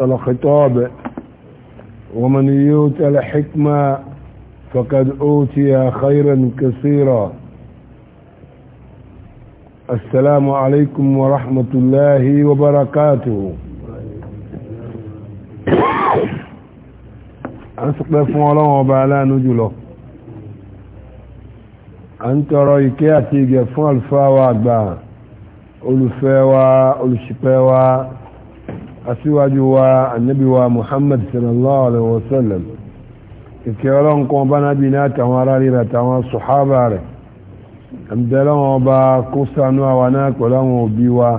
الخطاب ومن يؤت الحكمة فقد أوتي خيرا كثيرا السلام عليكم ورحمة الله وبركاته أنسقنا فوالا وبعلا نجله أن ترى إكياتي فوال فاوا أقبع أولو فاوا أولو شباوا aṣíwájú wa annabi wa muhammad sallallahu alaihi wa sallam ìkẹ́ ọlọ́run kan bá nábi ní àtàwọn ará rírà àtàwọn sùhábà rẹ̀ àmìtẹ́lọ́wọ́n ọba kó sànú àwa náà pẹ̀lú àwọn òbí wa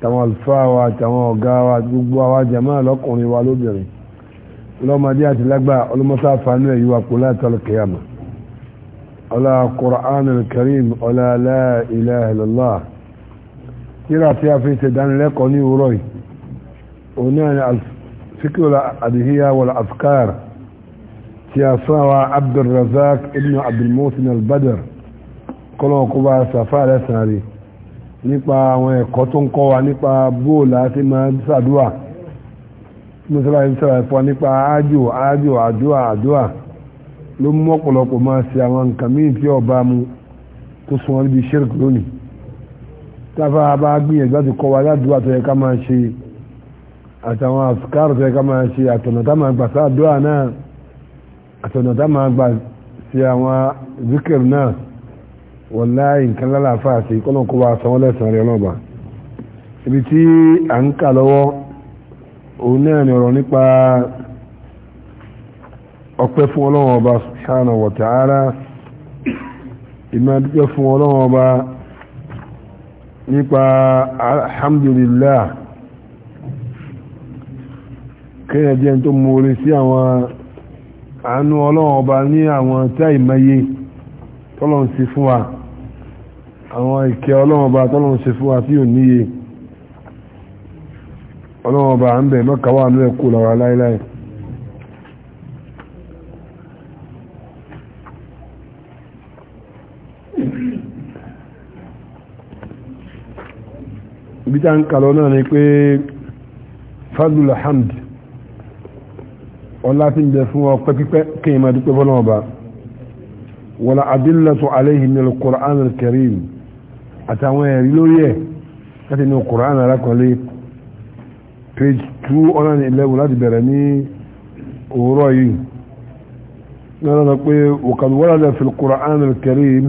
àtàwọn àlùfáà wa àtàwọn ọ̀gá wa gbogbo àwa jàmáà lọ́kùnrin wa lóbìnrin ọlọ́mọdé àti lágbà ọlọ́mọsáfàánú ẹ̀yí wa kò látọ̀lù kìyàmà ọlá Qur'anul Karim ọlá la ilaha tí a fi ṣèdánilẹ́kọ̀ọ́ ní òwúrọ̀ yìí هنا فكر الأدهية والأفكار سياسة عبد الرزاق ابن عبد المحسن البدر kọ́lọ́wọ́ kó bá sàfà lẹ́sàn rí nípa àwọn ẹ̀kọ́ tó ń kọ́ wa nípa bóòlù àti máa ń sàdúà mọ́sálà ń sàrà fún wa nípa ájò ájò àdúà àdúà ló mú ọ̀pọ̀lọpọ̀ máa ṣe àwọn nǹkan míì tí ọba mu tó sun wọn níbi ṣírk lónìí táfà bá gbìyànjú láti kọ́ wa ládùúgbò àtọ́yẹ ká máa ṣe àtàwọn àfikàrò tó yẹ ká máa ṣe máa gbà sáàdúrà náà àtọ̀nà máa gbà ṣe àwọn zikir náà wàláyé nǹkan lálàáfà àti ìkọ́nà kó bá sanwó lẹ́sàn-án rẹ̀ ọlọ́ba ibi tí à ń kà lọ́wọ́ òun náà ni ọ̀rọ̀ nípa ọpẹ́ fún ọlọ́wọ́n kẹ́yẹ̀ jẹ́ tó múrí sí àwọn àánú ọlọ́run ọba ní àwọn tí àìmọye tọ́lọ́run sí fún wa àwọn ìkẹ́ ọlọ́run ọba tọ́lọ́run sí fún wa tí ò níye ọlọ́run ọba ń bẹ̀ ní ẹ̀kú ọlá tí ń bẹ fún ọ pẹ́pípẹ́ kí ìmá dúpẹ́ fọ́nà ọba wọ́la adillatu alayhi min al-Qur'an al-Karim àtàwọn ẹ̀rí lórí ẹ̀ láti ní Qur'an alákọ̀ọ́lé page 211 láti bẹ̀rẹ̀ ní òwúrọ̀ yìí náà lọ pé waqad warada fi al-Qur'an al-Karim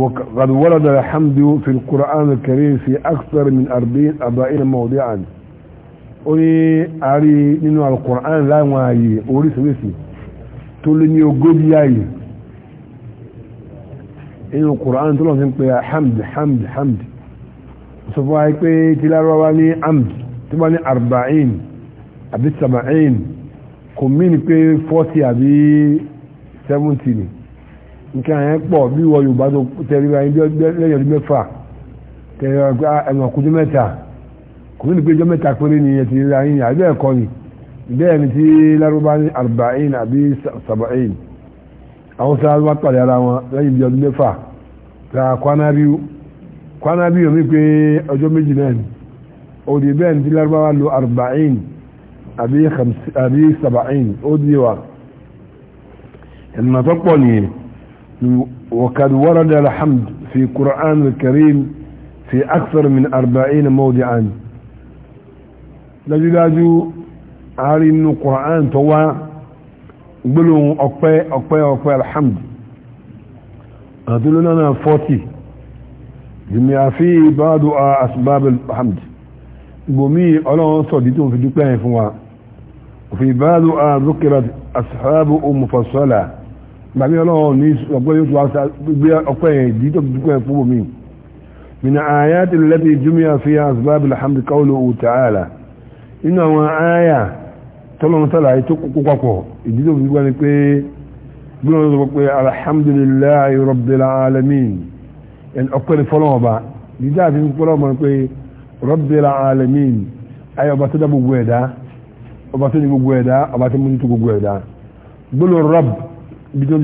وقد ورد الحمد في القرآن الكريم في أكثر من 40 مواضيعا onye àárí nínú alukur'an láwọn ààyè oríṣiríṣi tó lé ní ogójì ààyè inú kur'an tó lọ́n fi ń pè hamd hamd hamd sọ fún pé tí ní hamd tó bá ní arba'in àbí saba'in kò mí ni pé nke àbí 70 ni nǹkan àyẹn pọ̀ bí wọ yorùbá tó tẹ̀lé lẹ́yìn ọdún mẹ́fà tẹ̀lé ah, ẹ̀wọ̀n kò ní péjọ mẹ́ta péré ni ẹtì rírà yín àbí ẹ̀kọ́ ni bẹ́ẹ̀ ni tí lárúbá ní arba'in àbí saba'in àwọn sáà wá pàdé ara wọn lẹ́yìn bí ọdún mẹ́fà ta kwanábíu kwanábíu mi pé ọjọ́ méjì náà ni òdì bẹ́ẹ̀ ni tí lárúbá wá lo arba'in àbí saba'in ó di wa ẹ̀nà pọ̀ nìyẹn وقد ورد الحمد في قرآن الكريم في أكثر من أربعين موضعا dájúdájú àárín inú Qur'an tó wá gbólóhùn ọpẹ́ ọpẹ́ ọpẹ́ alhamdu àdúlónà náà 40 jùmíà fi báàdù asbab alhamdu ìgbòmí ọlọ́run sọ̀dí tó fi dúpẹ́ yẹn fún wa òfin báàdù àdúkìrà ashabu mufassala gbàmí ọlọ́run ní ọgbẹ́ yóò tún wá gbé ọpẹ́ yẹn ìdí tó dúpẹ́ yẹn fún omi من آيات التي جمع فيها أسباب الحمد قوله تعالى inú àwọn ààyà tọ́lọ́mọ́tàlá tó kókó papọ̀ ìdí tó fi gbá ni pé gbọ́nà tó pé alhamdulillahi rabbil alamin ẹni ọpẹ́ ni fọlọ́mọba ìdí àti fọlọ́mọ pé rabbil alamin ayé ọba tó dá gbogbo ẹ̀dá ọba tó ní gbogbo ẹ̀dá ọba tó mú gbogbo ẹ̀dá gbọ́nà rab bí tó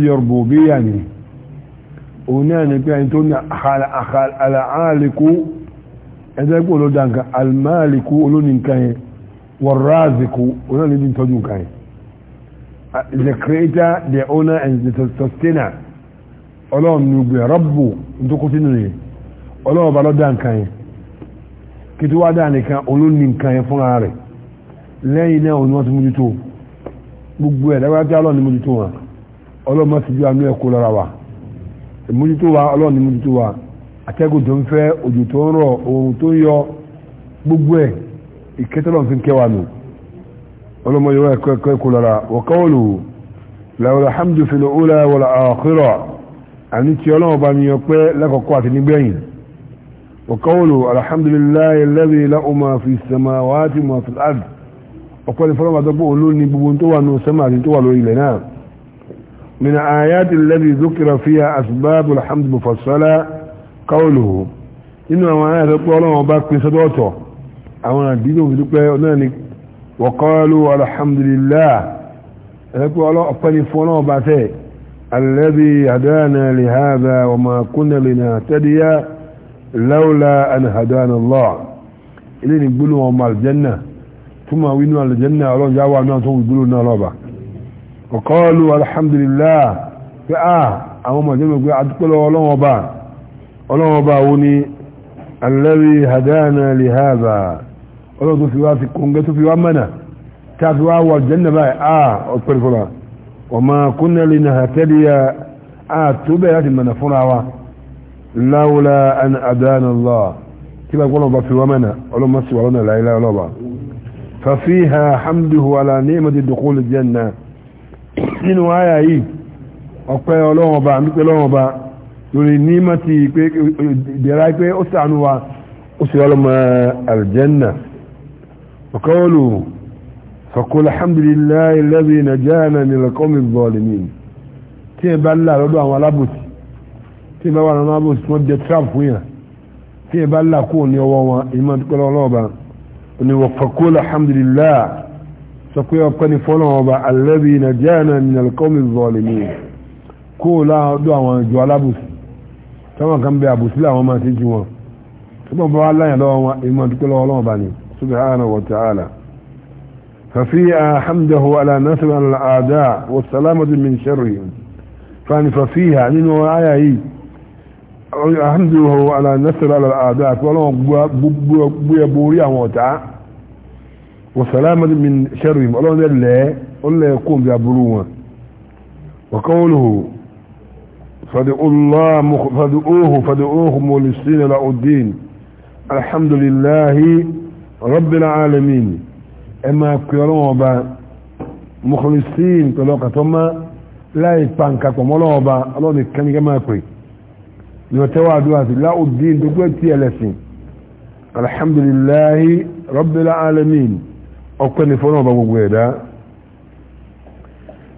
yẹn wọ̀rọ̀ázìkú oná níbi tọ́jú nǹkan yìí the creator the owner and the sustainer ọlọ́run ní gbé rọ́bù ntókòtì nínú yìí ọlọ́run bá da dá nǹkan yìí kí tó wá dá nìkan olóòní nǹkan yìí fúnra rẹ̀ lẹ́yìn náà ni wọ́n ti mójútó gbogbo ẹ̀ dábàá tí ọlọ́run ní mójútó wa ọlọ́run má sì ju àánú ẹ̀ kó lọ́ra wa mójútó wa ọlọ́run ní mójútó wa atẹ́gùn tó ń fẹ́ òjò tó ń rọ̀ oòrùn tó ń yọ gbogbo ẹ̀ ìkẹtọ́lọ́ fi ń kẹwàá nù ọlọ́mọ yóò ẹ̀kọ́ ẹ̀kọ́ ẹ̀kọ́ lára wọ́kọ́wọ́lù lẹ́wọ̀lá hamdu fi lọ́ọ́lá wọ́lá àkírọ̀ àní tí ọlọ́mọ bá ní ọpẹ́ lẹ́kọ̀ọ́kọ́ àti nígbẹ̀yìn wọ́kọ́wọ́lù alhamdulilayi lẹ́bi lọ́ọ́mọ fi sẹ́mà wáátì mọ́ fi àd ọpẹ́ ní fọlọ́mọ àtọ́pọ̀ olóni gbogbo من آيات الذي ذكر فيها أسباب الحمد مفصلة قوله إنما آيات الله وباك في صدوته àwọn àdínà òfin pẹ́ náà ni wọ̀kọ́lù alhamdulillah ẹ̀lẹ́pẹ́ ọlọ́pẹ́ ni fún ọlọ́ọ̀bá tẹ́ alẹ́bí àdáàna lè hádà ọmọ kúnnà lè nà tẹ́díyà láúlá àni àdáàna lọ́ ilé ni gbólù wọn ma aljanna tún ma wínú aljanna ọlọ́jà wà náà tún gbólù náà lọ́ba wọ̀kọ́lù alhamdulillah pé a àwọn ọmọ ìjọba gbé adúpẹ́lọ ọlọ́wọ́ba ọlọ́wọ́ba wo ni alẹ́bí lè hádà ọlọ́run tó fi wá sí kóńgẹ́ tó fi wá mẹ́nà tá a fi wá wọ jẹ́nà báyìí a ọ̀pẹ̀lú fúnra ọmọ kúnnẹ́lì náà tẹ́lẹ̀ a tó bẹ́ẹ̀ láti mẹ́nà fúnra wa láwùlá an adánà lọ kí bá gbọ́dọ̀ bá fi wá mẹ́nà ọlọ́mọ sì wà lọ́nà láìláì ọlọ́ba fàfihà hamduhu ala ní ìmọ̀tí dùkúlù jẹ́nà nínú àyà yìí ọpẹ́ ọlọ́run ọba àmúpẹ́ ọlọ́run ọba وقوله فقل الحمد لله الذي نجانا من القوم الظالمين tí ẹ bá là lọ́dọ̀ àwọn alábòsí tí ẹ bá wà lọ́dọ̀ alábòsí wọ́n jẹ trap fún yàn tí ẹ bá là kúrò ní ọwọ́ wọn èyí máa dúpẹ́ lọ́wọ́ ọba ni wọ́n faqul alhamdulillah sọ pé ọpẹ́ ni fọ́nà ọba alladhi najana min alqawmi zalimin kúrò lọ́dọ̀ àwọn ìjọ alábòsí táwọn kan bẹ àbòsí làwọn máa ti jí wọn tó bá wà láyàn lọ́wọ́ wọn èyí máa dúpẹ́ lọ́wọ́ ọba ni سبحانه وتعالى ففيها حمده على نسل الأعداء والسلامة من شرهم فان ففيها نينو آية حمده على نسل على الأعداء ولو يبوريا موتا وسلامة من شرهم ولو نلا ولا يقوم بأبروه وقوله فادعوا الله مخ... فادعوه فادعوه مولسين له الدين الحمد لله rabbil alamin ẹ máa pè ọlọ́wọ́n ọba mukhlisin pẹ̀lú ọkàtọ́ máa láì pa nǹkan pọ̀ mọ́ ọlọ́wọ́n ọba ọlọ́wọ́n nìkan ní ká máa pè yọ̀tẹ́wà àdúrà sí láòdín tó gbé tí ẹlẹ́sìn alhamdulillahi rabbil alamin ọpẹ́ ní fọ́nà ọba gbogbo ẹ̀dá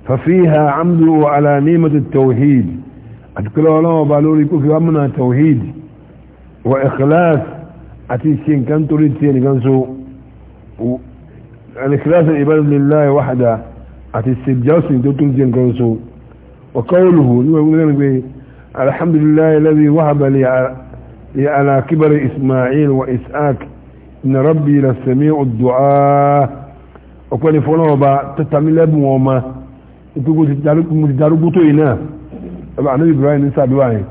fàfíhà amdu ala nímọ̀tì tawhid àti kí lọ́wọ́ ọba lórí kó fi wá tawhid wa ikhlas àti ṣe nǹkan torí tí ẹnìkan so alikilasa ibadalilayi wahada àti ṣe jọ́sìn tó tó jẹ́ nǹkan so ọ̀kọ́wòlùhù ní wọ́n gbẹ́gbẹ́ gbé alhamdulilayi lẹ́bi wahaba li ala kibari ismail wa isaac na rabbi la sami ọdọ́a ọ̀pẹ́ ni fọ́nà ọba tẹ́tàmí lẹ́bùn wọn ma mo ti darúgbó tó yìí náà ọba anabi ibrahim ní sàdúrà yìí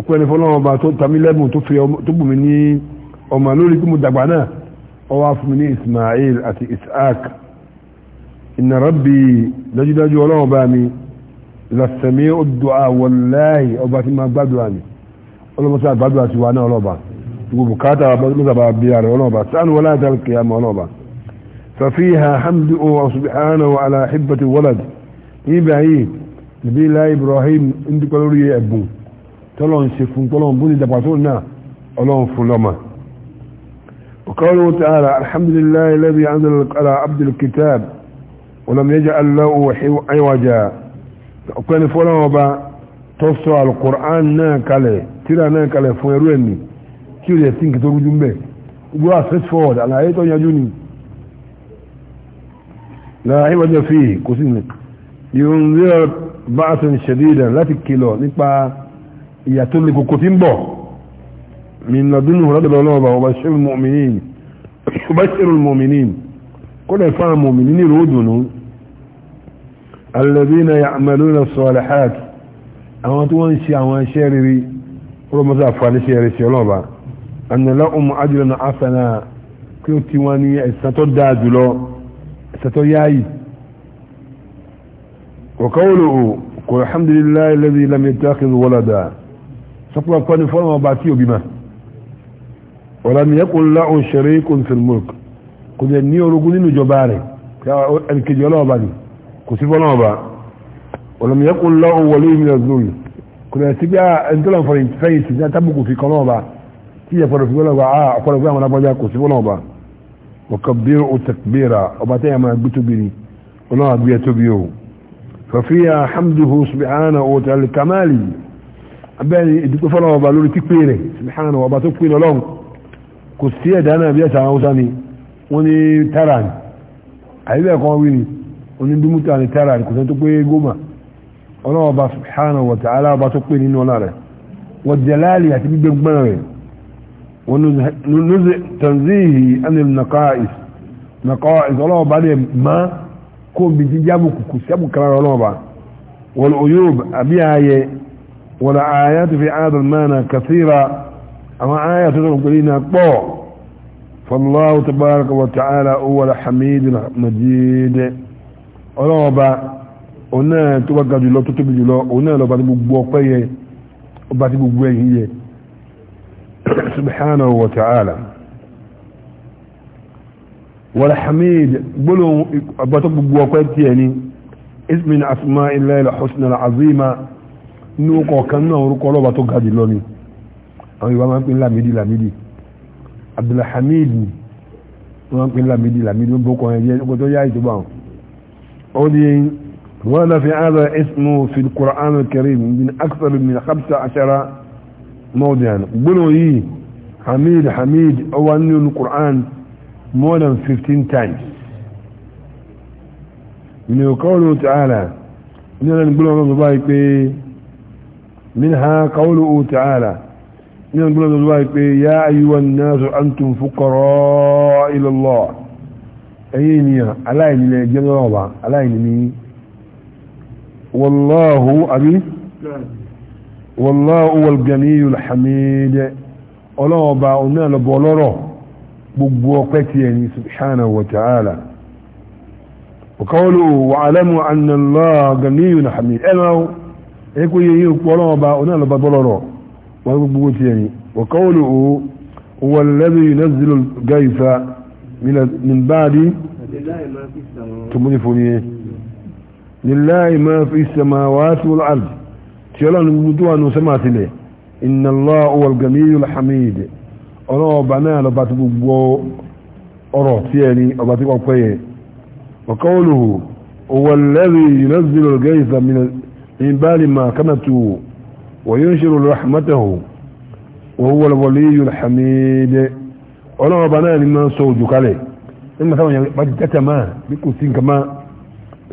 ọ̀pẹ́ ni fọ́nà ọba tó tàmí lẹ́bùn tó bùnmi ní ọmọ lórí kí mo dàgbà náà ó wá fún mi ní ismail àti isaac inna rabbi dájúdájú ọlọ́run bá mi lọ́sẹ̀mí ó dùá wallahi ọba tí máa gbàdúrà mi ọlọ́mọsá àgbàdúrà ti wà náà ọlọ́ba gbogbo bùkátà ọlọ́ba bí i rẹ̀ ọlọ́ba sáà ni wọ́n láti dárúkì àmọ́ ọlọ́ba ففيها حمد سبحانه على حبة الولد يبعي نبي الله إبراهيم عندك قالوا لي أبو تلون سفن تلون بني دبعتونا ألون فلما وقالوا تعالى الحمد لله الذي أنزل على عبد الكتاب ولم يجعل له عوجا وكان فولا وبا توصل القرآن ناكالي ترى ناكالي فويرويني كيف يتنك ترجم به وقال straight forward على عيته يجوني لا عوج فيه كسينك ينذر بعثا شديدا لا تكيلو نقبع يتلك كتنبه من لدنه رد الولوبة وبشر المؤمنين وبشر المؤمنين كل فهم مؤمنين رودنوا الذين يعملون الصالحات أو أو تونشي أما شارري رمضا فالشي الله، أن لا أم أجرا عفنا كيو تيواني استطدع له، استطيعي وقوله قل الحمد لله الذي لم يتخذ ولدا سطلق فاني فرما باتيو بما ولم يكن له شريك في الملك كو دي ني اوروغو نينو جوباري ان كي جولو بادي كو سي فولو با ولم يكن له ولي من الذل كو دي تيجا انت لو فرين فاي سي تابو في كولو با تي يا فرو في كولو با اه فرو بي انا بوجا كو سي فولو با وكبير تكبيرا وباتي ما بتبيني ولا بيتبيو ففيها حمده سبحانه وتعالى كمالي ابي ادكو فولو با لوري تكبيري سبحانه وباتو كوين لونك kò sí ẹ̀dá náà bí ẹ̀sà àwọn haúsá ni wọ́n ní tara ni àyíbẹ̀ kan wí ni wọ́n ní dúmútà ni tara ni kò sẹ́ni tó pé gómà ọlọ́wọ́ bá subhanahu wa ta'ala bá tó pé nínú ọlá rẹ̀ wọ́n jẹ̀láàlì àti gbígbẹ́gbọ́n rẹ̀ wọ́n lóṣè tanzihi anil naqa'is naqa'is ọlọ́wọ́ bá dẹ̀ má kó bi ti jábù kùkù sẹ́bù kára ọlọ́wọ́ bá wal uyub àbí ààyè wal ayatu fi hadha al-mana àwọn àyà tó sọ̀rọ̀ pẹ̀lú iná pọ̀ fallahu tabaraka wa ta'ala huwa al-hamid al-majid ọlọ́ọ̀ba òun náà tó bá ga jùlọ tó tóbi jùlọ òun náà lọ́ba ní gbogbo ọpẹ́ yẹ ọba tí gbogbo ẹ̀yìn yẹ subhanahu wa ta'ala والحميد قولوا بطب بوقت يعني اسم من اسماء الله الحسنى العظيمه نوقو كنا ورقو لو بطق هذه اللوني àwọn yorùbá máa ń pè lamidi lamidi abdulhamid wọ́n pè lamidi lamidi wọ́n bọ́kọ̀ ẹ̀yẹ ọkọ̀ tó yá ìjọba wọn. ó di wọ́n lọ fi ààrẹ ismu fi qur'an karim bin aksar min khamsa ashara mawdian gbọ́nà yìí hamid hamid ọwọ́ nínú qur'an more than fifteen times. من قوله تعالى إننا نقول الله من منها قوله تعالى من قلنا الواحد يا أيها الناس أنتم فقراء إلى الله أيني على إني جنوبا على إني والله أبي والله هو الغني الحميد ọlọ́wọ́ bá ọ̀nà lọ́bọ̀ ọlọ́rọ̀ gbogbo ọpẹ́ ti ẹni subhanahu wa ta'ala ọkọ̀ọ́lù wà alẹ́mù annalá ganiyun hamid ẹ̀kọ́ yẹ̀yìn ọpọ̀ ọlọ́wọ́ bá ọ̀nà lọ́bọ̀ وقبوت يعني وقوله هو الذي ينزل الغيث من من بعد تمنفني لله ما في السماوات والارض شلون نمدوا انه سمعت له ان الله هو الجميل الحميد ọlọ́wọ́ ọba náà lọ́ba tó gbogbo ọ̀rọ̀ tí ẹ ní ọba tí wọ́n pẹ́ yẹ وقوله هو الذي ينزل الغيث من بعد ما كنتم وينشر رحمته وهو الولي الحميد ọlọ́wọ́ bá náà ni máa ń sọ òjò kalẹ̀ nígbà táwọn yẹn bá jẹ́tẹ̀ máa bí kò sí nǹkan máa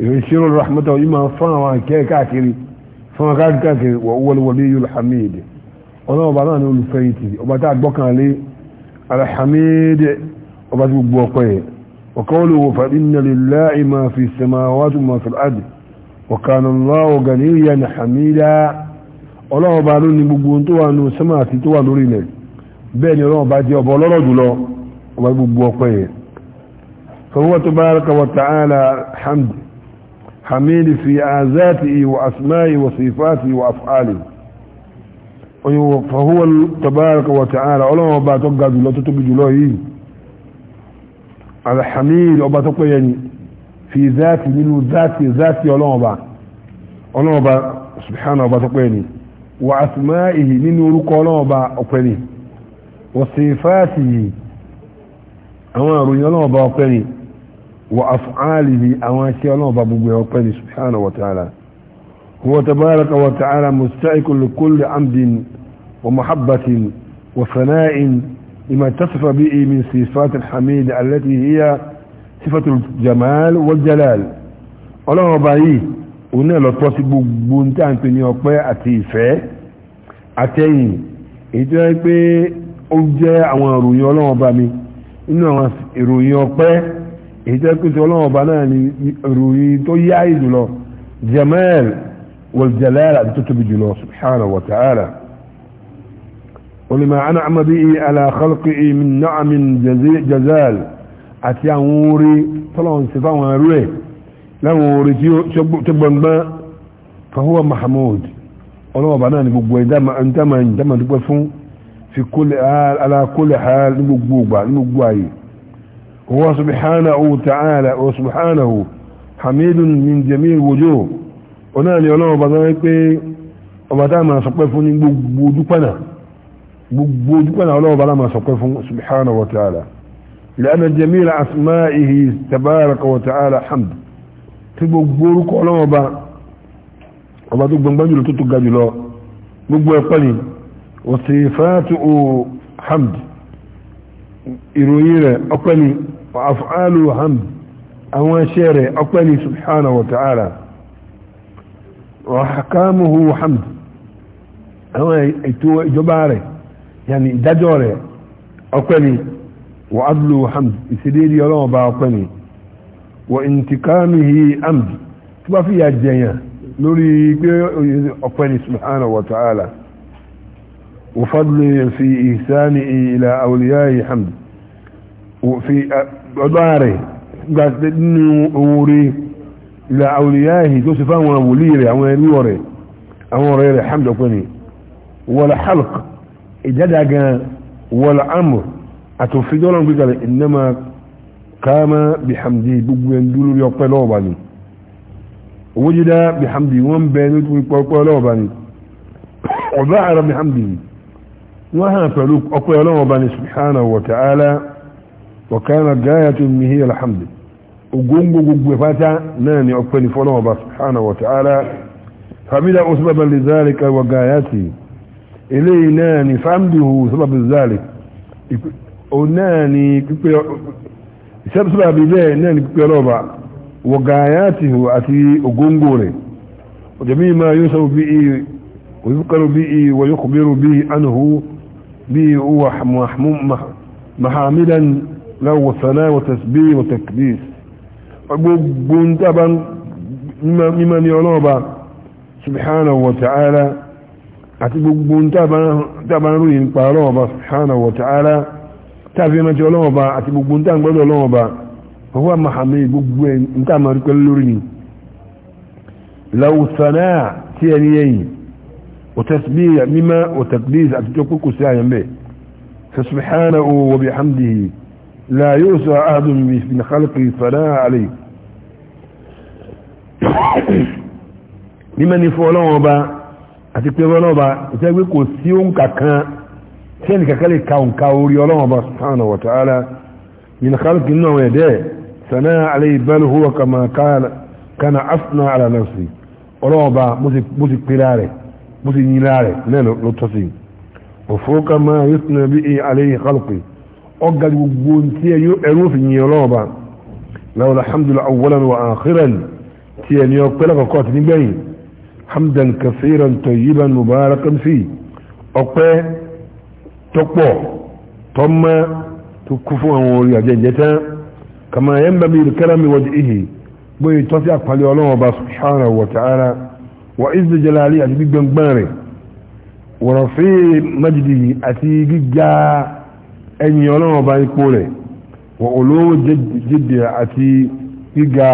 ينشر رحمته yìí máa fún àwọn akẹ́ káàkiri fún àwọn akẹ́ káàkiri وهو الولي الحميد ọlọ́wọ́ bá náà ni olùfẹ̀yìntì ọba tá a gbọ́kàn lé alhamid ọba tí gbogbo ọpẹ́ yẹ وقوله فإن لله ما في السماوات وما في الأرض وكان الله غنيا حميدا ọlọ́run ọba ló ní gbogbo tó wà nù sẹ́mà àti tó wà lórí ilẹ̀ bẹ́ẹ̀ ni ọlọ́run ọba jẹ́ ọba ọlọ́rọ̀ jùlọ ọba gbogbo ọpẹ́ yẹn فهو تبارك وتعالى حمد حميد في عزاته وأسمائه وصفاته وأفعاله فهو تبارك وتعالى علماء باتوقع جلو تتوقع جلوه على حميد وباتوقع يعني في ذاته منه ذاته ذاته علماء علماء سبحانه وباتوقع يعني وأسمائه من ورقلون با أقني وصفاته أما رجلون با أقني وأفعاله أما شيئون با أقني سبحانه وتعالى هو تبارك وتعالى مستعك لكل عمد ومحبة وفناء لما تصف به من صفات الحميد التي هي صفة الجمال والجلال الله بعيه òun náà lọ tọ́ sí gbogbo ní tá à ń pè ní ọpẹ́ àti ìfẹ́ àtẹ̀yìn èyí tó yẹ pé ó jẹ́ àwọn ìròyìn ọlọ́wọ́n bá mi nínú àwọn ìròyìn ọpẹ́ èyí tó yẹ pé sọ ọlọ́wọ́n bá náà ní ìròyìn tó yá ìjùlọ jamal wal jalal tó tóbi jùlọ subhanahu wa ta'ala olùmọ̀ àná àmàbí ala khalqihi min na'amin jazal àti àwọn orí tọ́lọ́wọ́n sí fáwọn ẹrú láwọn orí tí gbọ̀ngbọ́n fahuwa mahamud ọlọ́wọ̀bá náà ni gbogbo ìdámà dúpẹ́ fún fi alákólẹ̀ hàl ní gbogbo ògbà ní gbogbo ayé wọ́n subhanahu ta'ala wọ́n subhanahu hamidun min jami wojo ọ̀nà ni ọlọ́wọ̀bá náà pé ọba tá ma sọpẹ́ fún ní gbogbo dúpẹ́nà gbogbo dúpẹ́nà ọlọ́wọ̀bá náà ma sọpẹ́ fún subhanahu wa ta'ala لأن جميل أسمائه تبارك وتعالى حمد tí gbogbo orúkọ ọlọ́wọ́ ọba ọba tó gbọngbọ́n jùlọ tó tó ga jùlọ gbogbo ẹ̀pẹ́ ni òsì fàátì o hamd ìròyìn rẹ̀ ọpẹ́ ni àfààlù hamd àwọn ẹṣẹ́ rẹ̀ ọpẹ́ ni subhanahu wa ta'ala wàhákàmùhù hamd àwọn ètò ìjọba rẹ̀ yàní ìdájọ́ rẹ̀ ọpẹ́ ni wàhálù hamd ìṣèlérí ọlọ́wọ́ ọba ọpẹ́ ni wọ intikamihi amdi tó bá fi yà jẹyàn lórí pé ọpẹ́ ni subhanahu wa ta'ala wa fadli fi ihsani ila awliyayi hamdi fi ọdọ́ rẹ̀ gbàtẹ́ nínú owó rí ila awliyayi tó sì fáwọn wòlí rẹ̀ àwọn ẹrú rẹ̀ àwọn ọ̀rẹ́ rẹ̀ hamdi ọpẹ́ ni wal halq ìjádàgan wal amr àtòfíjọ́lọ́n gbígbàlẹ̀ kama bihamdi gbogbo ẹni dúró lórí ọpẹ́ lọ́wọ́ bá ní wujida bihamdi wọ́n bẹ ní ọpẹ́ lọ́wọ́ bá ní ọ̀dọ́ ara bihamdi wọ́n hàn pẹ̀lú ọpẹ́ lọ́wọ́ bá ní subhanahu wa ta'ala wa kana gayatu mihi alhamdi ogongo gbogbo fata náà ni ọpẹ́ ní fọ́lọ́wọ́ bá subhanahu wa ta'ala famila usbaba li zalika wa gayati eléyìí náà ni famdihu sábàbí zalika òun náà ni pípẹ́ sẹ́bùsùn àbí bẹ́ẹ̀ náà ní pípẹ́ lọ́ba wọ̀gáyàtìhù àti ògóńgò rẹ̀ òjòmí máa yóò sọ bí i ويذكر به ويخبر به عنه به هو محاملا له ثناء وتسبيح وتكديس وقبون طبعا ممن يعلوبا سبحانه وتعالى أتقبون طبعا روين قالوبا سبحانه وتعالى tàbí ẹmẹ́tì ọlọ́wọ́n ba àti gbogbo ń tàn gbọ́dọ̀ ọlọ́wọ́n ba ọwọ́ mahame gbogbo ẹ̀ ń tà máa dúpẹ́ lórí ni lawusana tí ẹni yẹn òtẹ́sibí mímá òtẹ́kbíz àti tó kókò sí àyàn bẹ́ẹ̀ o wa bihamdihi la yóò sọ ahadun min khalqi sana alayhi mímá ni fọ́ ba àti pé ọlọ́wọ́n ba ìtẹ́gbẹ́ kò sí òǹkà kan kẹ́ni kàkàlẹ̀ kàùnkà orí ọlọ́wọ̀n bá sùpánà wàtàálà min khalqi náà wẹ̀ dẹ́ sànà alẹ́ ìbẹ́lú huwa kama kana asna ala nafsi ọlọ́wọ̀n bá mo sì pèrà rẹ̀ mo sì yìnlá rẹ̀ lẹ́nu ló tọ́ sí òfó kama yusna bí i alẹ́ khalqi ọgá gbogbo tí ẹrú fi yin ọlọ́wọ̀n bá lọ́wọ́ alhamdulillah awwalan wa akhiran tí ẹni ọpẹ́ lọ́kọ̀ọ́kọ́ ti nígbẹ̀yìn hamdan kaseeran tayyiban mubarakan fi ọpẹ́ tọ́pọ̀ tọ́mọ́ tó kú fún àwọn orí àjẹjẹ tán kàmá yẹn bá bí kẹ́rẹ́mì wọ́dí ìhì bóyá tọ́sí àpàlẹ́ ọlọ́wọ́ bá subhanahu wa ta'ala wa izzi jalali àti gbígbẹ́ngbọ́n rẹ̀ wọ̀rọ̀ fi májìdì àti gíga ẹ̀yìn ọlọ́wọ́ bá ipò rẹ̀ wa olówó jẹ́dì àti gíga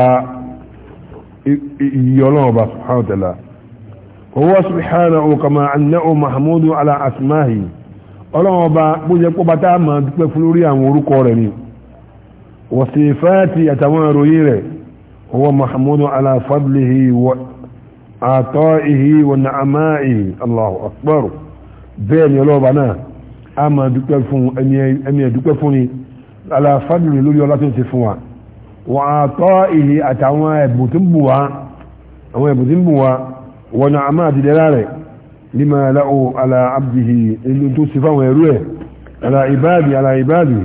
ìyí ọlọ́wọ́ bá subhanahu wa ta'ala wa huwa subhanahu kàmá annahu mahmudu ala ọlọ́run ọba bó jẹ́ pọ́ba tá a máa dúpẹ́ fún lórí àwọn orúkọ rẹ̀ ni wọ̀sí fáàtì àtàwọn ìròyìn rẹ̀ huwa mahamudu ala fadlihi wa ata'ihi wa na'ama'ihi allahu akbar bẹ́ẹ̀ ni ọlọ́ọ̀bá náà a máa dúpẹ́ fún ẹni ẹ̀dúpẹ́ fún ni ala lórí ọlá tó ti fún wa wa ata'ihi àtàwọn ẹ̀bùn tó ń bù wá àwọn ẹ̀bùn tó ń bù wá wa na'ama'ihi dẹ́rẹ́ لما لقوا على عبده اللي انتو صفاه ويروه على عبادي على عبادي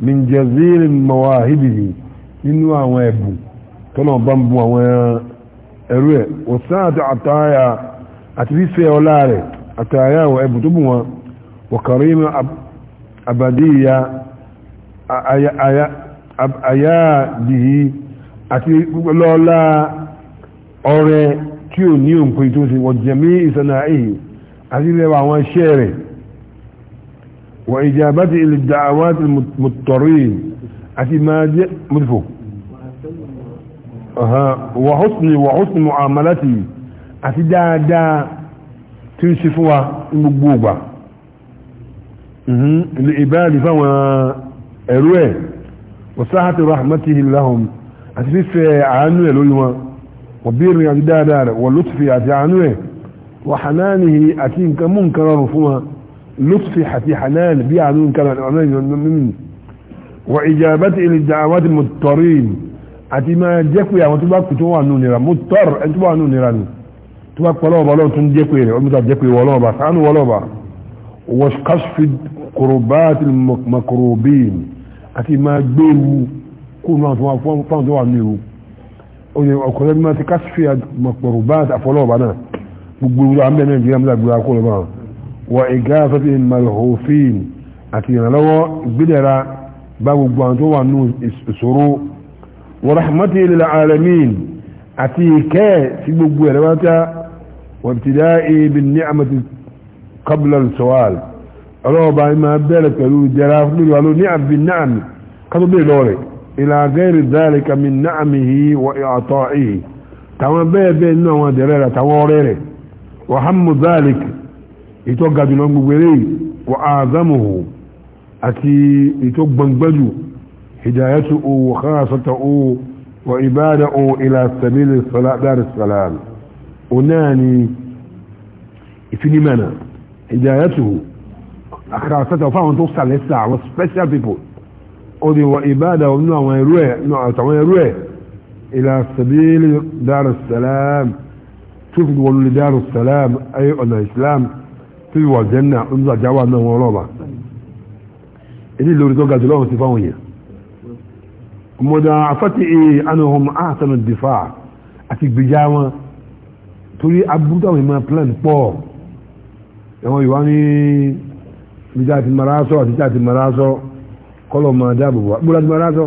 من جزيل مواهبه nínú àwọn ẹ̀bùn tọ́nà bá ń bu àwọn ẹ̀rú ẹ̀ wọ̀sán àti àtàyà àti fífẹ́ ọlá rẹ̀ àtàyà àwọn ẹ̀bùn tó bù wọn wọ̀kàrí mọ́ àbàdíyà àyàdìí àti lọ́lá ọrẹ tí ò ní òǹpin tó ṣe wọ́n jẹ̀mí ìsànà èyí àti ilẹ̀ àwọn iṣẹ́ rẹ̀ wọ́n ìjàmbá ti ilẹ̀ dà àwọn àti mùtọ̀rí àti máa jẹ́ mùtìfò wọ́n hùsùnì wọ́n àti dáadáa tí ń ṣe fún wa ní gbogbo ògbà mhm, ilẹ̀ ìbáàdì fáwọn ẹ̀rú ẹ̀ wọ́n sáhàtì rahmatihi lahum àti fífẹ́ àánú ẹ̀ lórí wọn وبير يجدا دار ولطفي أتعنوه وحنانه أكين كمنكر رفوها لطفي حتي حنان بيعنون كمان وإجابته للدعوات المضطرين أتي ما جكوا يا وتبقى كتوا نونيرا مضطر أنت بقى نونيرا تبقى ولو بلو تن جكوا يعني عمدا جكوا ولو بقى سعنوا ولو بقى وكشف قربات المكروبين أتي ما جبوا كل ما تبقى فانتوا oye ọkùnrin mímọ́ ti káṣífì àmọ̀pọ̀rù bá àfọlọ́ọ̀bá náà gbogbo ìlú àmì nàìjíríà mílà gbogbo akọ́lọ́ bá wọ ìgá sọ́tì malhofin àti ìrànlọ́wọ́ ìgbédẹ̀ra bá gbogbo àwọn tó wà nù ìṣòro wọ́n rahmatu ilẹ̀ alamin àti ìkẹ́ sí gbogbo ẹ̀rẹ́ wáta wọ́n ti dá ibi ní àmàtí kabilal sọ́wàl ọlọ́ọ̀bá máa bẹ̀rẹ̀ pẹ̀lú jẹ́ra lórí wa ló ní àbí náà إلى غير ذلك من نعمه وإعطائه تمام بيبي إنه ودريرة تمام وهم ذلك يتوقع دلون بغيري وأعظمه أتي يتوقع بنبجو هدايته وخاصته وإبادته إلى سبيل الصلاة دار السلام أناني في منا هدايته أخاصته فهو توصل للساعة وسبيشال بيبول odi wa ibada wa nínú àwọn ẹrú ẹ̀ nínú àtàwọn ẹrú ẹ̀ ila sabili darussalam tó fi wọlé darussalam ayé ọ̀nà islam tó fi wà jẹ́nà ń zàjá wà náà wọn rọ̀bà ilé lórí tó ga jùlọ ọ̀hún sí fáwọn yẹn mọ̀dà àfọ́tí ẹ̀ anuhum ahsanu difa àti gbèjà wọn torí abúrúdà wọn máa plan pọ̀ ẹ̀wọ̀n ìwá ní gbèjà àti marasọ àti jà kọ́lọ̀ máa dáàbò bò wá gbọ́dọ̀ tí mo rà sọ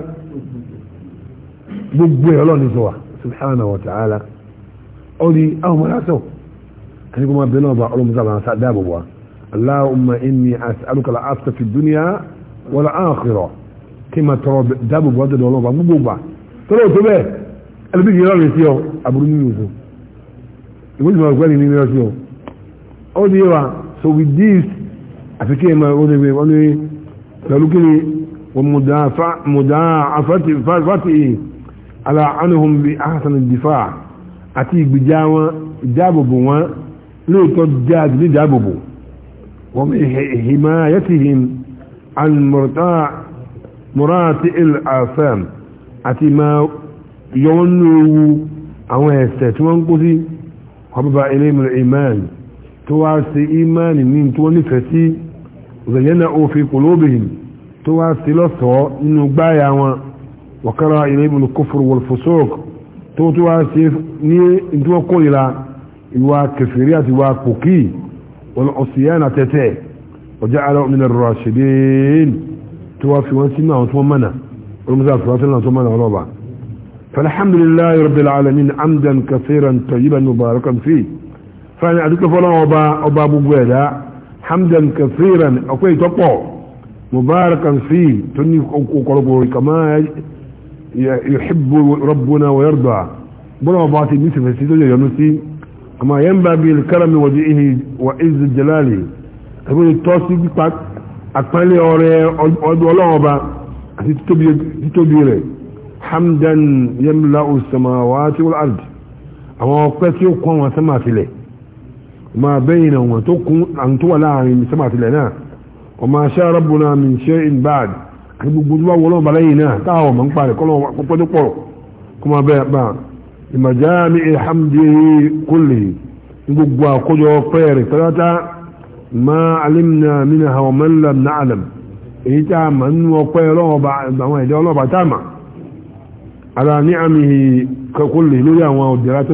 gbogbo ẹ̀ ọlọ́run ní sọ wa subhanahu wa ta'ala ó di àwọn ọmọ lásọ̀ àti kọ́mọ abẹ́lẹ́ ọba ọlọ́run sábà ń dáàbò bò wá allahumma inni as'aluka al-afta fi dunya wal akhirah kí n máa tọrọ dáàbò bò wá dọ̀dọ̀ ọlọ́run gbogbo gbà tọ́lọ̀ tó bẹ́ẹ̀ ẹlẹ́bí kì í sí ọ aburú nínú ìfún ìwé ìgbà ọ̀gbẹ́ni nínú ìrọsí ọ ó so with this àfikẹ́ ìmọ̀ ọ̀rẹ́ pẹ̀lú kí ni mùdáàfàtì ala anhum bí ahsan difa àti ìgbìjà wọn ìdáàbòbò wọn lóòótọ́ jáde ní ìdáàbòbò wọ́n mi himayatihim an murati il afam àti máa yọ wọn ní ewu àwọn ẹ̀ṣẹ̀ tí wọ́n kó sí ọbọ̀bà ilé ìmọ̀ ìmáàni tó wá sí ìmáàni ní tí nífẹ̀ẹ́ zẹ̀yẹ́nà òfin kòlóbìnrin tó wá sí lọ́sọ̀ọ́ nínú gbáyà wọn wọ̀kára ilẹ̀ ìbùn kófòrò wọ̀lfòsók tó tó wá sí ní ìdúwọ́ kórìíra ìwà kẹfìrí àti ìwà pòkì wọn ọ̀sìyàn àtẹ́tẹ́ ọjà ara òmìnira rọ̀ ṣèdín tó wá fi wọ́n sínú àwọn tó mọ̀nà olùmọ̀sá àfúrásí náà tó mọ̀nà ọlọ́ba falhamdulillah rabbil alamin amdan kasiran tayyiban mubarakan fi fani adúgbò fọlọ́wọ́ ọba ọba gbogbo ẹ̀dá hamdan kafiran akwai tọ́pọ̀ mubarakan fi tó ní kọkọrọgbọ kama yuhibbu rabbuna wa yarda bọ́lá ọba ti ní sẹfẹ̀sí tó yẹnu sí kama yẹn bá bí karami wajihi wa izz jalali ẹgbẹ́ tọ́ sí pípa àpẹẹlẹ ọrẹ ọdún ọlọ́ọba àti títóbi rẹ̀ hamdan yamla'u samawati wal ard àwọn ọpẹ́ tí ó kọ́ wọn sẹ́mà ما بينهم وتكون أن تولى من سمعة لنا وما شاء ربنا من شيء بعد gbogbo wọlọ́ balẹ̀yìnà táwọn ọmọ ń parí kọ́lọ̀ pọ́pọ́dúpọ̀rọ̀ kó máa bẹ́ẹ̀ bá ìmọ̀já ní ìhàmdí kólè gbogbo àkójọ pẹ́ẹ̀rẹ̀ tọ́látá ma alimna mina hawa mallam na alam èyí tá a ma nínú ọpẹ́ àwọn ẹ̀dẹ́ ọlọ́ba tá a ma ara àwọn òdìrá tó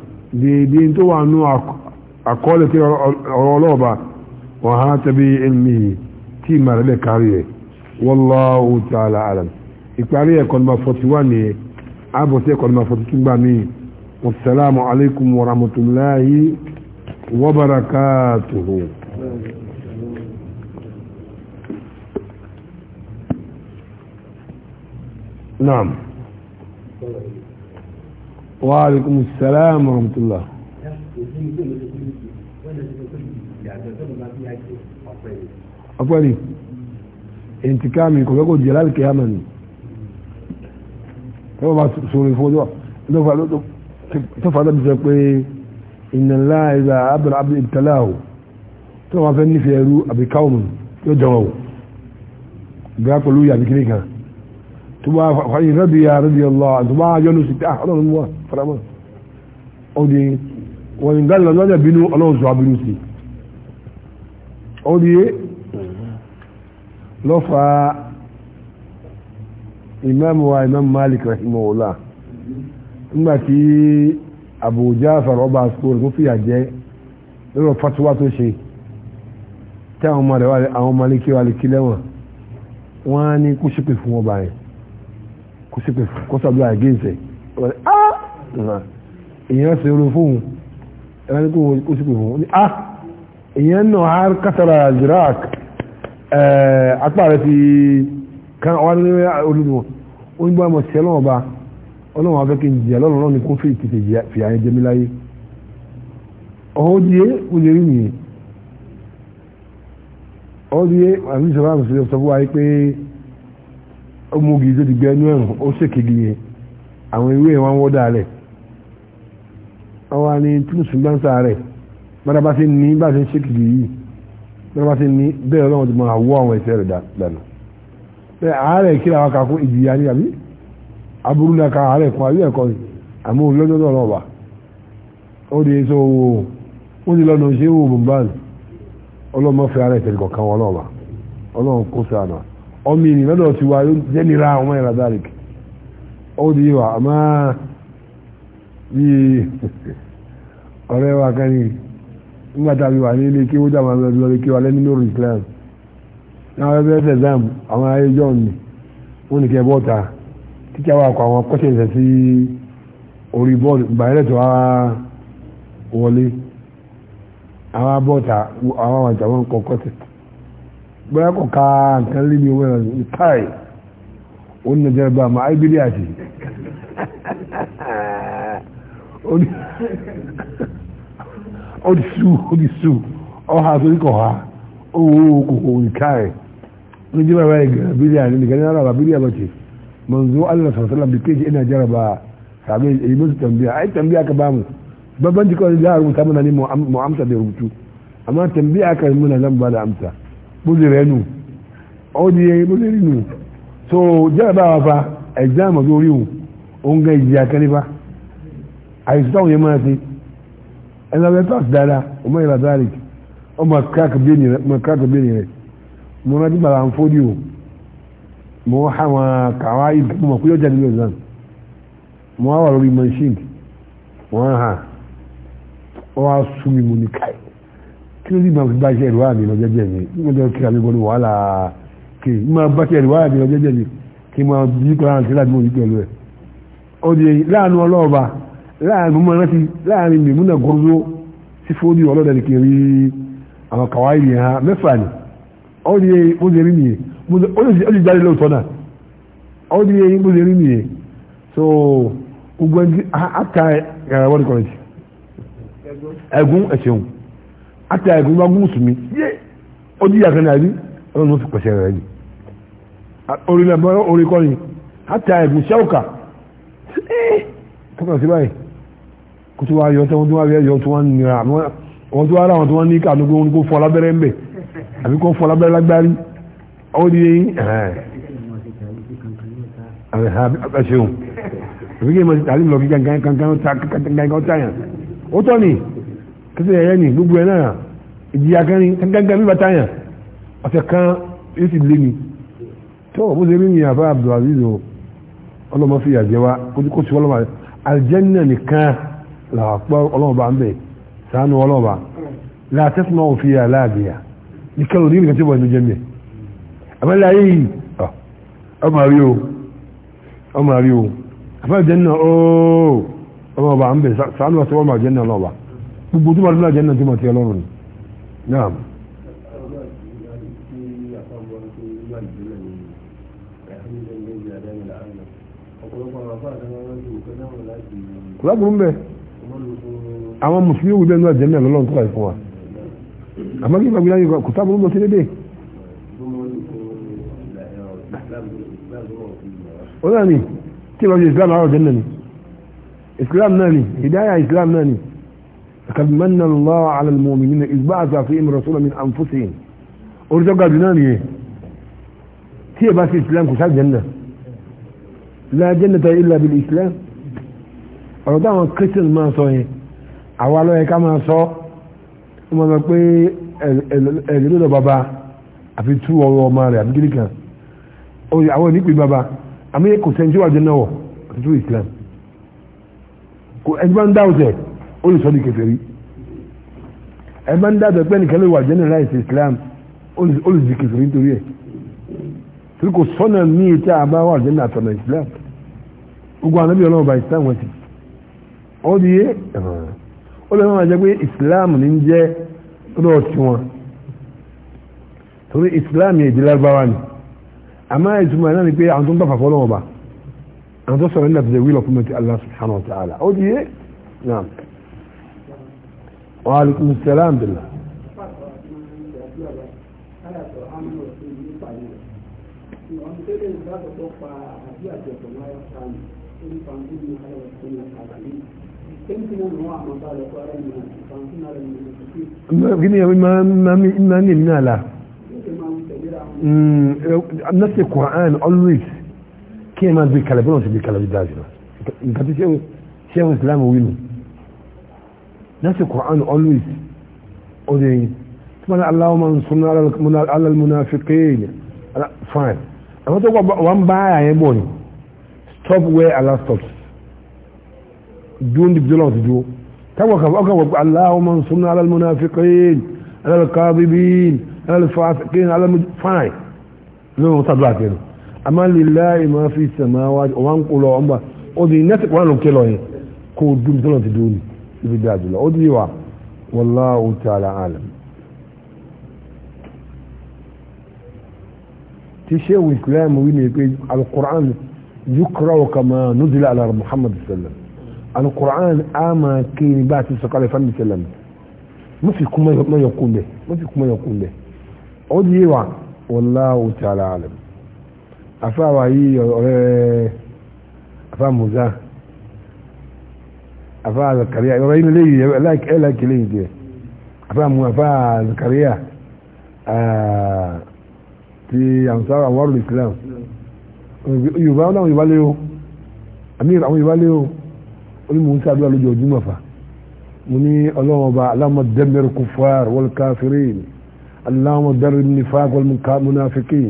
déédéé tó wà nù àkọọ́lẹ̀ tí ọ̀rọ̀ ọlọ́ọ̀bà wọ́n hàn tẹ́bí ẹ̀mí tí ìmọ̀ karịa wallahu ta'ala alam ìparí ẹ̀kọ́ nọmba ni àbọ̀sí e ẹ̀kọ́ nọmba forty e, two gbà mí wasalaamu alaykum wa rahmatulahi wa alaikum salam wa rahmatullah. ọpẹ́ ni intikami kò fẹ́ kó jẹ́ láti kẹ́yàmà ni tọ́wọ́ bá sọ̀rọ̀ ìfowópamọ́ tó fàdá bí sọ pé ìnànlá ìlà abdul abdul ibtalahu tọ́wọ́ bá fẹ́ nífẹ̀ẹ́ ẹrú àbíkáwọ̀mù yóò jọwọ́ bí a pẹ̀lú yàbí kiri kan tuba fayi radiya radiyallahu anhu tuba yonu si ah ọlọ́run mú wa faramọ́ ọdí wọn ń gbálẹ̀ lọ́jọ́ bínú ọlọ́run sọ abínú sí ọdí lọ́fà imam wa imam malik rahimahullah nígbà tí abu jafar ọba skol tó fìyà jẹ lọ́rọ̀ fatuwa tó ṣe tí àwọn ọmọ rẹ̀ wà àwọn ọmọ wa alikí lẹ́wọ̀n wọ́n á ní kó ṣépè kò sí pé kò sàdúrà àgéǹsẹ̀ ah! èèyàn ṣe orin fóun ẹ̀rọ kò kò sí pé fóun ní a ah! èèyàn náà á kásàrà jirak apá rẹ̀ ti kan wá ní olùdó ó ń gbọ́ àmọ̀ sí ẹlọ́wọ̀n ba ọlọ́wọ̀n afẹ́ kí n jìyà lọ́nà lọ́nà kó fèèkì ti fìyà ẹ̀ jẹ́mi láyé ọ̀hún díẹ̀ ó lè rí nìyẹn ọ̀hún díẹ̀ àmì ìṣọ̀rọ̀ àmì ìṣọ̀rọ̀ fún wa pé ọmọge tó ti gbẹ́nu ẹ̀rùn ó ṣèkìlì yẹn àwọn ewé wọn wọ́ dàrẹ̀ ọwọ́ ni túnṣù bá ń sàárẹ̀ bára bá ṣe ní bá ṣe ń ṣèkìlì yìí bára bá ṣe ní bẹ́ẹ̀ ọlọ́run ti máa wọ́ àwọn ẹ̀ṣẹ̀ rẹ̀ dànù bẹ́ẹ̀ àárẹ̀ kí làwọn kakó ìjìyà ni àbí aburú náà ka àárẹ̀ kan àbí ẹ̀kọ́ ni àmọ́ olójọ́dọ̀ ọ̀rọ̀ wà ó di sọ owó ó ti lọ́nà ṣé owó bùnbáàlì ọlọ́run mọ́ fẹ́ àárẹ̀ tẹ̀lé kọ̀ọ̀kan wọn ọlọ́run ọlọ́run kó ọmọ ènìyàn lọ́dọ̀ ti wá yóò jẹ́ nira àwọn ọmọ ìrà dalek ó di wà àmọ́ bí ọ̀rẹ́ wa kan ní nígbà tá a fi wà ní ilé kí wọ́n jà máa lọ lé kí wà lẹ́nu lórí Islam náà wọ́n fẹ́ẹ́ fẹ́ exam àwọn ayé john ni wọ́n ní kẹ́ bọ́ta tíjà wa kọ àwọn kọ́ṣẹ́ ìṣẹ́ sí orí bọ́ọ̀lù bàyẹ̀lẹ̀ tó wá wọlé àwọn bọ́ta àwọn àwọn àjàwọ̀n kọ́ kọ́ṣẹ́ bóyá kò ká nǹkan lé ní owó ẹ̀rọ ní káì ó ní nàìjíríà bá máa áìbílì àti ó di sú ó di sú ọha tó ní kọ̀ ha owó kòkò ní káì ní jẹ́ bàbá ìgbà bílì àti nìkan ní ara bílì àbọ̀tì manzo allah sallallahu alaihi keji ina jaraba sabe yi musu tambaya ai tambaya ka bamu babban jikon da rubuta mana ne mu amsa da rubutu amma tambaya ka muna zan ba da amsa bóde rẹ̀ ó di ẹyẹ nù so jáde wa fa exam ọdún orí wù ó ń gẹ ìjì akẹ́lẹ́fà àìsàn táwọn yẹn máa ṣe ẹnlá bẹ ma dáadáa ọmọ ìlà dáàlì ọmọ kíákì bẹ́ẹ̀ni rẹ ọmọ kíákì bẹ́ẹ̀ni rẹ mo rántí bàbá ń fọ́dí o mo wọn kàwá mo mọ̀ pé exam mo wà lórí machine á sún kí ló dì máa bá iṣẹ́ ìrìwá mi lọ́jọ́ jẹ́ mi nígbà tó kíra mi gbọ́n ní wàhálà kì í máa bá iṣẹ́ ìrìwá mi lọ́jọ́ jẹ́ mi kí máa bí kọ́ra àti láti mọ̀ yí pẹ̀lú ẹ̀. ó di láàánú ọlọ́ọ̀ba láàánú mọ́ rántí láàárín mi múnà gọ́rọ́dọ́ sí fóònù ọlọ́dẹ ni kì í rí àwọn kàwáì yẹn ha mẹ́fà ni ó di ó di rí nìyẹn ó di jáde lóòótọ́ náà ó di ó di rí nìyẹn so gbogbo ẹni àtà ẹ̀rọ ẹ̀gún àti àìkú bá gún mùsùlùmí yé ó jíjà kan náà rí ọlọ́run fi pèsè rẹ̀ ni orí náà bọ́ọ̀ orí kọ́ ni àti àìkú sẹ́wọ̀kà tọ́kàn sí báyìí kó tó wá yọ tó wọ́n tó wá rí ẹ̀yọ tó wọ́n nira àwọn tó wá rà wọn tó wọ́n ní káàdó pé wọ́n kó fọ lábẹ́rẹ́ ń bẹ̀ àbí kó fọ lábẹ́rẹ́ lágbárí ó di ẹ̀ṣẹ̀hùn àbí kí ni mo ti tàlí lọ kí kankan kankan ó tà yàn ó tọ́ ni kẹsẹ̀ ẹ̀yẹ́ ni gbogbo ẹ̀ náà ìjìyà kan ní gángan bí bàtà yàn ọ̀sẹ̀ kan yóò sì lé ni tó o bó ṣe rí ni àbá abdulaziz o ọlọ́mọ fi yà jẹ wa kó sì ọlọ́mọ aljanna nìkan làwọn pẹ́ ọlọ́mọ bá ń bẹ̀ sànù ọlọ́mọ bá látẹ́sùn náà fi yà láàbìyà ní kẹlò ní ìgbà tí wọ́n ń jẹ́ mi àbẹ́lẹ̀ ayé yìí ọmọ rí o ọmọ rí o àbẹ́lẹ̀ jẹ́ náà ó ọlọ́mọ bá ń bẹ̀ sànù ọ̀sẹ̀ ọlọ́mọ jẹ́ náà ọlọ́mọ bá gbogbo tí wọ́n lọ àjẹ́nà tí wọ́n ti ọlọ́run ni naam. kùlákùrú mbẹ àwọn mùsùlùmí wù bẹ́ẹ̀ ní àjẹ́nà lọ́lọ́run tó kà fún wa àmọ́ kí n bá gbìyànjú kùtàkùrú mbọ̀ sí dédé. ó náà ni kí lọ́ọ́ islam àwọn àjẹ́nà ni islam náà ni ìdáyà islam náà ni. لقد من الله على المؤمنين إذ بعث فيهم رسولا من أنفسهم أرجو قادنا ليه هي بس الإسلام كساد جنة لا جنة إلا بالإسلام ọ̀rọ̀dá àwọn christian máa sọ yẹn àwọn alọ́yẹ ká máa sọ ó máa sọ pé ẹ̀lẹ́lọ́dọ̀ bàbá àfi tú ọrọ̀ ọmọ rẹ̀ àbí gíríkan àwọn onípe bàbá àmì kò sẹ́ńtì wà jẹ́ náà wọ̀ àti tú Islam kò ẹni bá ń dáhùn sẹ́ẹ̀ ó lè sọ di kèfèrí ẹ máa ń dábẹ̀ pé nìkan lè wà generalize islam ó lè di kèfèrí nítorí ẹ̀ torí kò sọ́nà míì tí a bá wà jẹ́nà àtọ̀nà islam gbogbo anábì ọlọ́run ọba islam wọn ti ó di yé ó lè jẹ́ pé islam ní jẹ́ lọ́ọ̀ tí torí islam yẹn ìdílé agbára ni àmọ́ ìtumọ̀ náà ni pé àwọn tó ń bá fàfọ́ ọlọ́run ọba àwọn tó sọ̀rọ̀ nígbà tó jẹ́ wílọ̀ fún mi ti Allah subhanahu wa ta'ala ó di yé وعليكم السلام بالله gini ya ma ni nna la nasi Quran always kí ẹ máa gbé kalẹ̀ bí wọ́n ti gbé kalẹ̀ bí dájú náà nǹkan tí sẹ́wọ̀n islam wí nù. نفس القرآن always أدين ثم اللهم انصرنا على المنافقين fine àwọn tó gbà wọ́n bá àyẹ̀ ni stop where Allah stops Doing the tó lọ́wọ́ ti dúró táwọn kan ọkàn wọ̀ pé اللهم انصرنا على المنافقين على الكاذبين على الفاسقين على fine lórí wọn sàdúrà kẹrin àmà lillahi ma fi samawati ọ̀wá ń kó lọ ọ̀nba ọ̀dùn iná ti kọ́ àlùkẹ́ lọ yẹn kó dúró ibi dáa jùlọ ó di wa wallahu ta'ala alam ti shehu islam wi ne pe alquran yukraw kama nuzila ala muhammad sallam alquran ama kini ba ti sokale fan sallam musi kuma ma yakunde musi kuma yakunde ó di wa wallahu ta'ala alam afa wa yi ọ̀rẹ́ afa muzah afa zakaria ọ̀rọ̀ yìí lẹ́yìn ẹ̀ láìkí lẹ́yìn díẹ̀ afa mu afa zakaria ti ansara wàllu islam yorùbá náà yorùbá lé o amir àwọn yorùbá lé o onímọ̀ nsá àdúrà lójú ọdún mọ̀fà mo ní ọlọ́wọ́n ọba aláwọ̀ dẹ́mẹ́rẹ́ kufar wal kafirin aláwọ̀ dẹ́rẹ́ nifaq wal munafiqin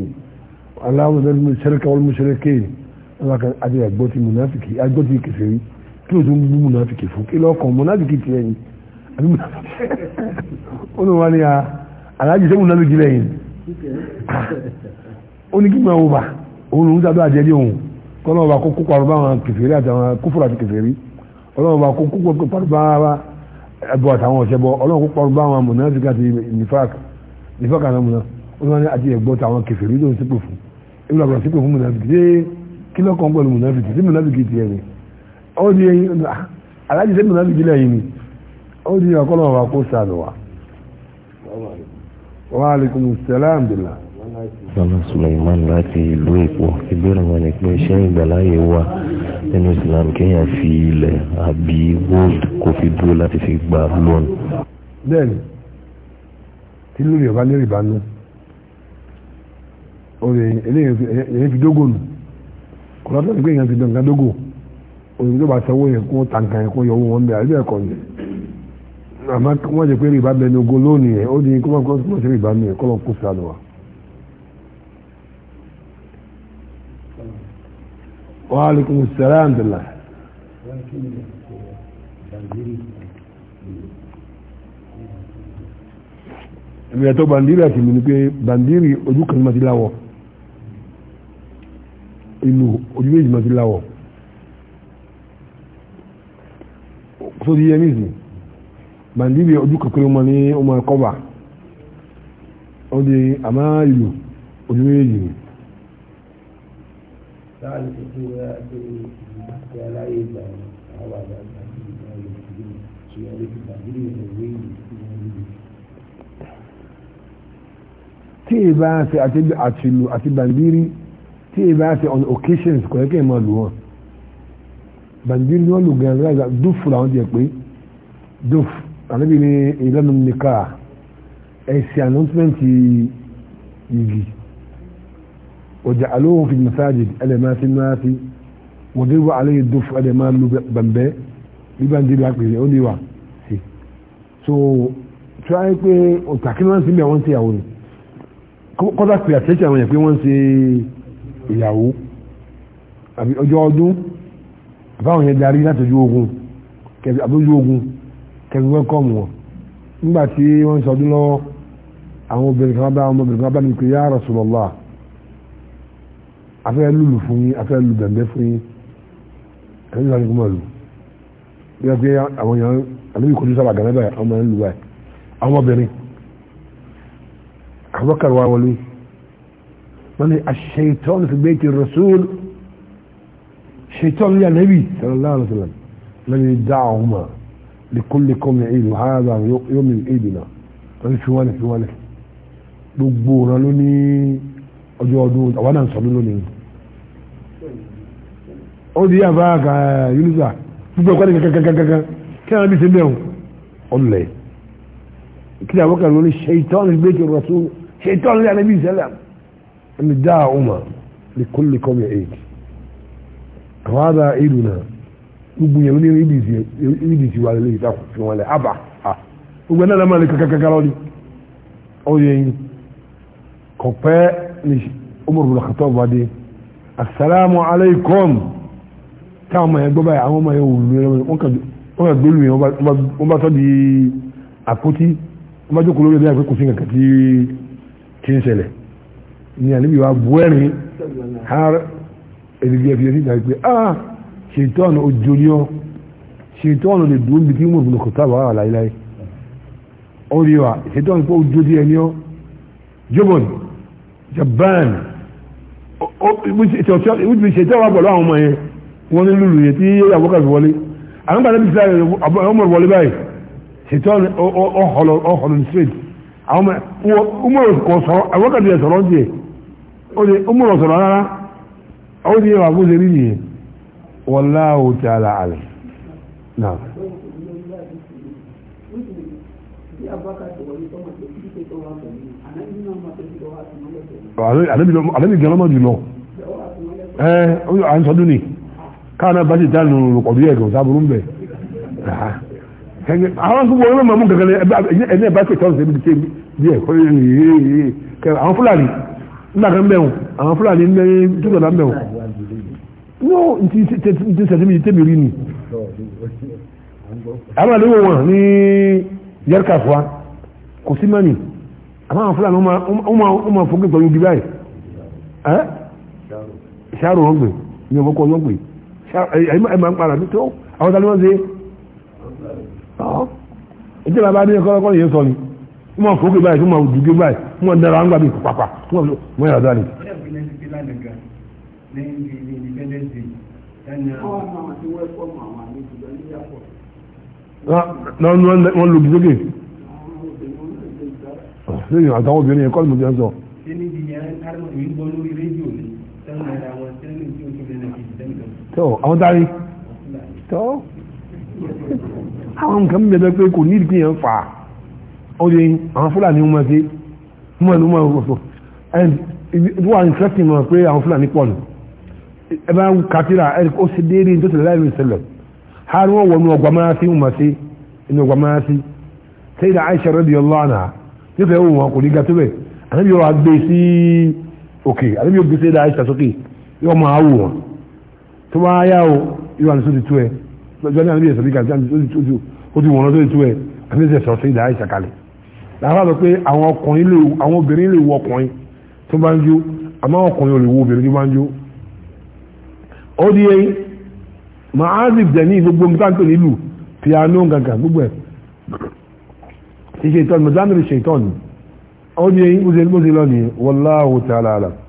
aláwọ̀ dẹ́rẹ́ sẹ́rẹ́kẹ́ wal mushrikin aláwọ̀ adé agbọ́tí munafiki agbọ́tí kẹfẹ́rí kí o tún bú múnafìkì fún kí lọ́kàn múnafìkì tiẹ̀ yìí àbí ó ní wọn ni aláàjì sẹ́gun náà ló jí lẹ́yìn ó ní kí n máa wò bá òun lòún sábẹ́ àjẹjẹ òun kọ́ náà wà kó kópa àrùbá àwọn kẹfẹ́rí àtàwọn kófòrò àti kẹfẹ́rí ọlọ́run wà kó kópa àrùbá ẹbọ àtàwọn ọ̀sẹ̀ bọ ọlọ́run kópa àrùbá àwọn múnafìkì àti nifak nifak àwọn múnafìkì olùwàní àti ẹ̀gbọ́n tàwọn kẹfẹ́rí ló ń sípò fún ìlú àgbà sípò fún múnafìkì ó di eyín aláàjì sẹ́mi náà nìjílẹ̀ yìí ni ó di ọkọ́lọ́ wa kó sàánù wa. wa aleykum salaam dila. Bàbá Suleiman láti ìlú Èkó, ìbéèrè wọn ni pé ṣé ìgbàláyè wà nínú Islam kéèyàn fi ilẹ̀ àbí gold kò fi dúró láti fi gba loan. Bẹ́ẹ̀ni, tí lórí ọba ní rìbá nù, orin eléyìí fi dógò nù, kò lọ́tọ̀ ní pé èèyàn ti dàn ká dógò òyìn tó bá sanwó yẹn kó tàǹkà yẹn kó yọ owó wọn bẹ àbí ẹ̀kọ́ ni àmọ́ wọ́n jẹ́ pé rìbá bẹni ogo lónìí yẹn ó di kó máa kó sí rìbá mi yẹn kó lọ kó sànù wa. wa alaikum salaam dala. ìrìn bàndírì àti ìmìnì pé bàndírì ojú kan ma ti láwọ̀ ìlú ojú méjì ma ti láwọ̀. so di yẹmi zi bandi bi ojú kakiri wọn ni ọmọ ẹkọba ó di àmà ìlú ojú méjì ni. sáàlì tuntun wẹ́ àti tí ì bá ṣe àti bàndírí tí ì bá ṣe on occasions kò yẹ kí n máa lù wọn bàǹdí ni wọ́n lù gan láìsá dúfù làwọn jẹ pé dúfù ànábì ní ìlànà nìka ẹ̀sìn ànọ́tímẹ́ǹtì yìí ọjà alóhùn fi masajid ẹlẹ́másí másí wọ́n dé wà alẹ́ dúfù ẹlẹ́má lu bàǹbẹ́ bí bàǹdí lu àpèrè ó ní wà sí so tí wọ́n á yẹ pé ọ̀tàkì náà ń sinmi àwọn ń ṣe àwọn kọ́dà pè àtẹ́sí àwọn yẹn pé wọ́n ń ṣe ìyàwó àbí ọjọ́ ọdún fáwọn yẹn darí látọjú ogun kẹfì àbójú ogun kẹfì wẹ́kọ̀mù wọn nígbà tí wọ́n sọdún lọ́wọ́ àwọn obìnrin kan bá àwọn obìnrin kan bá mi pé yá Rasulullah afẹ́ lùlù fún yín afẹ́ lù bẹ̀m̀bẹ̀ fún yín ẹni sọ ni kò mọ̀ lù yẹ pé àwọn yẹn àlejò kojú sábà gànà báyìí àwọn yẹn lù báyìí àwọn obìnrin àwọn kàrọ̀ wá wọlé wọ́n ní ash-shaytan fi bayti ar-rasul. الشيطان يا نبي صلى الله عليه وسلم لم يدعهما لكل قوم عيد وهذا يوم عيدنا قال شو وانا شو وانا gbogbo ran ló ní ọjọ́ ọdún àwọn náà sọdún lónìí ó di àbá àgà yunifásitì púpọ̀ kọ́ni kankankankan kí àwọn bí ṣe bẹ́ẹ̀ ọ̀lẹ̀ kí àwọn kan lórí ṣèitán ní gbẹ́jọ rasul ṣèitán ní ànábì sẹ́lẹ̀ ẹni dáa ọmọ ní kúlì kọ́mi èyí àwọn àbá ìlú náà gbogbo yẹn ní ibi tí wà lè dákun fi wọn lẹ àbá gbogbo náà lọ́mọ kankankan lọ́ọ́ ni ó yẹ yín kò pẹ́ ní Umar bin Khattab bá dé asalaamu alaykum táwọn ọmọ yẹn gbọ́ báyìí àwọn ọmọ yẹn wò lóyún wọn kàn gbólù yẹn wọn bá sọ di àpótí wọn bá jókòó lórí ẹbí àpé kò sí nǹkan tí ń ṣẹlẹ̀ ní àníbi wa bu ẹ̀rín ẹ̀dìdì ẹ̀fì ẹ̀sìn ìjà pé ah ṣètọ́nù ojú ni ọ́ ṣètọ́nù lè dùn bí kí mo bùnú kò sábà wà láíláí ó rí wa ṣètọ́nù pé ojú díẹ̀ ni ọ́ jọ́bọ̀n japan ìwúti ṣètọ́nù wà pẹ̀lú àwọn ọmọ yẹn wọ́n ní lùlù yẹn tí àbúkà fi wọlé àwọn bàtà bí sáré ọmọ wọlé báyìí ṣètọ́nù ọ̀họ̀lọ̀ ní straight àwọn ọmọ kò sọ̀rọ̀ àbúkà bí sọ̀rọ̀ ń jẹ ó ní ọmọ sọ̀rọ̀ rárá ó ní ẹwà bó ṣe rí nìyẹn wallahu ta'ala alam náà. àlẹ́bí gan lọ́mọ jùlọ ẹ à ń sọdún ni káàná bá ti dánù ọ̀dún ẹ̀gàn sábúrú ń bẹ̀ àwọn gbogbo ọlọ́mọ mú gẹ́gẹ́ ẹni ẹ̀ bá ṣe tọ́sí ẹbí díẹ̀ kọ́ àwọn fúlàní nígbà kan bẹ̀rù àwọn fúlàní mẹ́rin tó gbọ̀dá bẹ̀rù ní ti ti sẹ̀tìmì tẹ́mi rí ni àwọn àdéhùn wọn ní yẹ́rìkà fún wa kò sí mẹ́rin àmọ́ àwọn fúlàní wọ́n máa fọ́gbẹ́ pẹ̀lú dubai ẹ́ ṣáàrò wọn gbé ní ọmọ kọ́ wọn gbé ẹ máa ń para ní tó àwọn tani wọ́n ṣe ìjọba bá ní ẹ̀kọ́ ọkọ́ yẹn sọ ni fún wọn fòókè báyìí fún wọn dùgé báyìí fún wọn dára ńgbà bíi pàpà fún wọn wọn yàrá dáre. wọ́n lu bisókè ah, ah, lẹ́yìn àtàwọn obìnrin ẹ̀kọ́ ìmọ̀ jẹun sọ. tọ́ àwọn dárí tọ́ àwọn nǹkan mẹ́ta pé kò ní ìdíyẹn fà á. ó di àwọn fúlàní ń mọ̀ sí mọ̀ ní mọ̀ ọ̀fọ̀ wà ní kẹ́sìn mọ̀ pé àwọn fúlàní pọ̀ nù ẹ bá ń kàtírà ẹ ó sì tó tẹ̀lé ìṣẹ̀lẹ̀ ha ni wọ́n wọ ọgbà máa sí sí inú ọgbà máa sí sẹ́yìn Aisha radiyallahu anha nífẹ̀ẹ́ wọn kò ní gbé e sí òkè Aisha sókè yóò máa wọn tó o yóò wà ní làwọn àlọ́ pé àwọn ọkùnrin lè àwọn obìnrin lè wọ ọkùnrin tó bá ń jó àmọ́ ọkùnrin ò lè wọ obìnrin tó bá ń jó ó di eyín mahazib dẹni gbogbo mutante nílùú piano gàgà gbogbo ẹ̀ ṣe ṣe ìtọ́ni mọ̀dánù ṣe ìtọ́ni ó di eyín bó ṣe lọ nìyẹn wallahu ta'ala